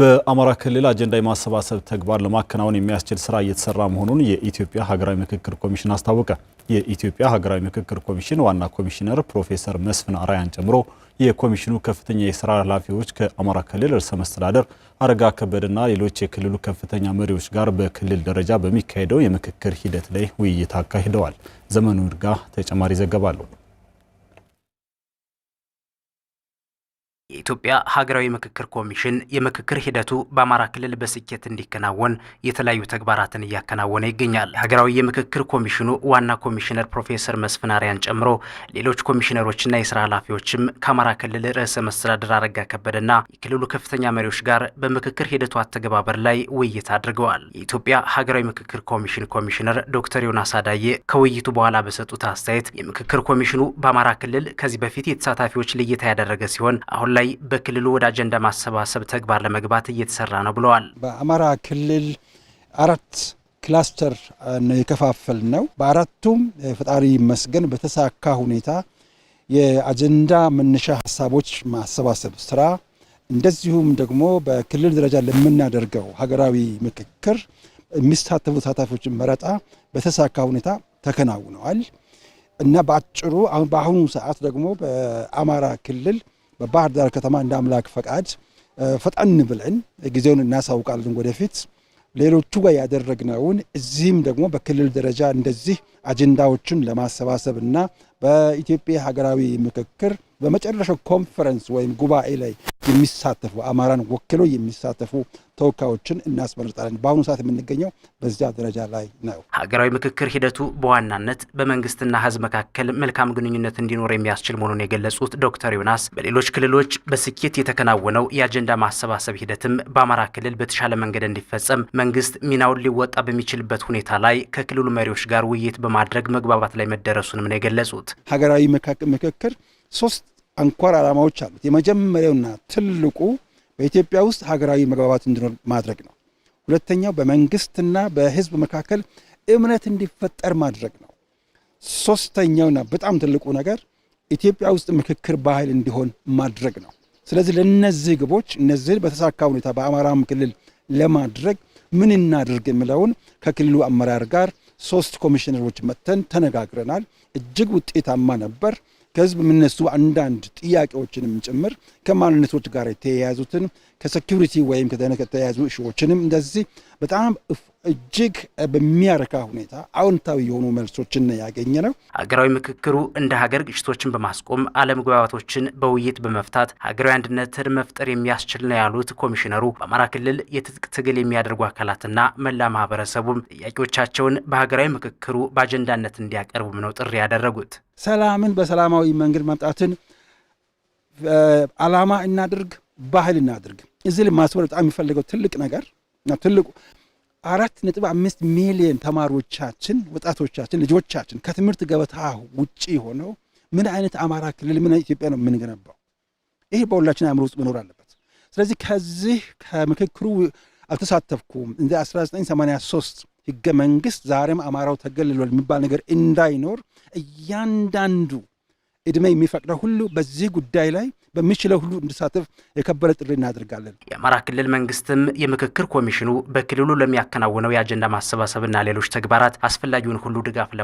በአማራ ክልል አጀንዳ የማሰባሰብ ተግባር ለማከናወን የሚያስችል ስራ እየተሰራ መሆኑን የኢትዮጵያ ሀገራዊ ምክክር ኮሚሽን አስታወቀ። የኢትዮጵያ ሀገራዊ ምክክር ኮሚሽን ዋና ኮሚሽነር ፕሮፌሰር መስፍን አራያን ጨምሮ የኮሚሽኑ ከፍተኛ የስራ ኃላፊዎች ከአማራ ክልል ርዕሰ መስተዳደር አረጋ ከበደና ሌሎች የክልሉ ከፍተኛ መሪዎች ጋር በክልል ደረጃ በሚካሄደው የምክክር ሂደት ላይ ውይይት አካሂደዋል። ዘመኑ ድጋ ተጨማሪ ዘገባ የኢትዮጵያ ሀገራዊ ምክክር ኮሚሽን የምክክር ሂደቱ በአማራ ክልል በስኬት እንዲከናወን የተለያዩ ተግባራትን እያከናወነ ይገኛል። ሀገራዊ የምክክር ኮሚሽኑ ዋና ኮሚሽነር ፕሮፌሰር መስፍን አርያን ጨምሮ ሌሎች ኮሚሽነሮችና የስራ ኃላፊዎችም ከአማራ ክልል ርዕሰ መስተዳድር አረጋ ከበደና የክልሉ ከፍተኛ መሪዎች ጋር በምክክር ሂደቱ አተገባበር ላይ ውይይት አድርገዋል። የኢትዮጵያ ሀገራዊ ምክክር ኮሚሽን ኮሚሽነር ዶክተር ዮናስ አዳዬ ከውይይቱ በኋላ በሰጡት አስተያየት የምክክር ኮሚሽኑ በአማራ ክልል ከዚህ በፊት የተሳታፊዎች ልይታ ያደረገ ሲሆን አሁን ላይ ላይ በክልሉ ወደ አጀንዳ ማሰባሰብ ተግባር ለመግባት እየተሰራ ነው ብለዋል። በአማራ ክልል አራት ክላስተር ነው የከፋፈል ነው። በአራቱም ፈጣሪ ይመስገን በተሳካ ሁኔታ የአጀንዳ መነሻ ሀሳቦች ማሰባሰብ ስራ እንደዚሁም ደግሞ በክልል ደረጃ ለምናደርገው ሀገራዊ ምክክር የሚሳተፉ ተሳታፊዎችን መረጣ በተሳካ ሁኔታ ተከናውነዋል እና በአጭሩ በአሁኑ ሰዓት ደግሞ በአማራ ክልል በባህር ዳር ከተማ እንደ አምላክ ፈቃድ ፈጠን ብለን ጊዜውን እናሳውቃለን ወደፊት ሌሎቹ ጋር ያደረግነውን እዚህም ደግሞ በክልል ደረጃ እንደዚህ አጀንዳዎችን ለማሰባሰብ እና በኢትዮጵያ ሀገራዊ ምክክር በመጨረሻው ኮንፈረንስ ወይም ጉባኤ ላይ የሚሳተፉ አማራን ወክለው የሚሳተፉ ተወካዮችን እናስመርጣለን። በአሁኑ ሰዓት የምንገኘው በዚያ ደረጃ ላይ ነው። ሀገራዊ ምክክር ሂደቱ በዋናነት በመንግስትና ህዝብ መካከል መልካም ግንኙነት እንዲኖር የሚያስችል መሆኑን የገለጹት ዶክተር ዮናስ በሌሎች ክልሎች በስኬት የተከናወነው የአጀንዳ ማሰባሰብ ሂደትም በአማራ ክልል በተሻለ መንገድ እንዲፈጸም መንግስት ሚናውን ሊወጣ በሚችልበት ሁኔታ ላይ ከክልሉ መሪዎች ጋር ውይይት በማድረግ መግባባት ላይ መደረሱንም ነው የገለጹት። ሀገራዊ ምክክር ሶስት አንኳር ዓላማዎች አሉት። የመጀመሪያውና ትልቁ በኢትዮጵያ ውስጥ ሀገራዊ መግባባት እንዲኖር ማድረግ ነው። ሁለተኛው በመንግስትና በህዝብ መካከል እምነት እንዲፈጠር ማድረግ ነው። ሶስተኛውና በጣም ትልቁ ነገር ኢትዮጵያ ውስጥ ምክክር ባህል እንዲሆን ማድረግ ነው። ስለዚህ ለእነዚህ ግቦች እነዚህን በተሳካ ሁኔታ በአማራም ክልል ለማድረግ ምን እናድርግ የሚለውን ከክልሉ አመራር ጋር ሶስት ኮሚሽነሮች መጥተን ተነጋግረናል። እጅግ ውጤታማ ነበር። ከህዝብ የሚነሱ አንዳንድ ጥያቄዎችንም ጭምር ከማንነቶች ጋር የተያያዙትን ከሴኪሪቲ ወይም ከተያያዙ እሺዎችንም እንደዚህ በጣም እጅግ በሚያረካ ሁኔታ አዎንታዊ የሆኑ መልሶችን ያገኘ ነው። ሀገራዊ ምክክሩ እንደ ሀገር ግጭቶችን በማስቆም አለመግባባቶችን በውይይት በመፍታት ሀገራዊ አንድነትን መፍጠር የሚያስችል ነው ያሉት ኮሚሽነሩ በአማራ ክልል የትጥቅ ትግል የሚያደርጉ አካላትና መላ ማህበረሰቡም ጥያቄዎቻቸውን በሀገራዊ ምክክሩ በአጀንዳነት እንዲያቀርቡም ነው ጥሪ ያደረጉት። ሰላምን በሰላማዊ መንገድ ማምጣትን አላማ እናድርግ፣ ባህል እናድርግ። እዚህ ላይ በጣም የሚፈልገው ትልቅ ነገር ትልቁ አራት ነጥብ አምስት ሚሊዮን ተማሪዎቻችን፣ ወጣቶቻችን፣ ልጆቻችን ከትምህርት ገበታ ውጭ ሆነው ምን አይነት አማራ ክልል ምን ኢትዮጵያ ነው የምንገነባው? ይህ በሁላችን አእምሮ ውስጥ መኖር አለበት። ስለዚህ ከዚህ ከምክክሩ አልተሳተፍኩም እንደ 1983 ህገ መንግስት ዛሬም አማራው ተገልሏል የሚባል ነገር እንዳይኖር እያንዳንዱ እድሜ የሚፈቅደው ሁሉ በዚህ ጉዳይ ላይ በሚችለው ሁሉ እንዲሳተፍ የከበረ ጥሪ እናደርጋለን። የአማራ ክልል መንግስትም የምክክር ኮሚሽኑ በክልሉ ለሚያከናውነው የአጀንዳ ማሰባሰብና ሌሎች ተግባራት አስፈላጊውን ሁሉ ድጋፍ ለማ